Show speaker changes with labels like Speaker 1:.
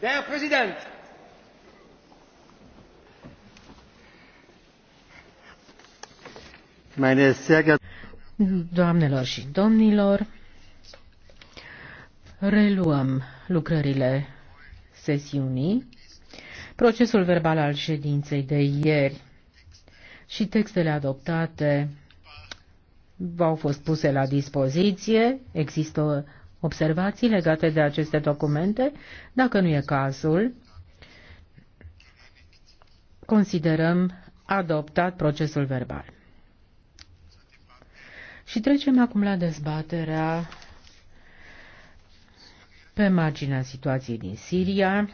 Speaker 1: Der Präsident!
Speaker 2: Meine sehr geehrten Doamnelor și
Speaker 3: domnilor,
Speaker 4: reluăm lucrările sesiunii. Procesul verbal al ședinței de ieri și textele adoptate v-au fost puse la dispoziție. Există observații legate de aceste documente? Dacă nu e cazul, considerăm adoptat procesul verbal. Și trecem acum la dezbaterea pe marginea situației din Siria,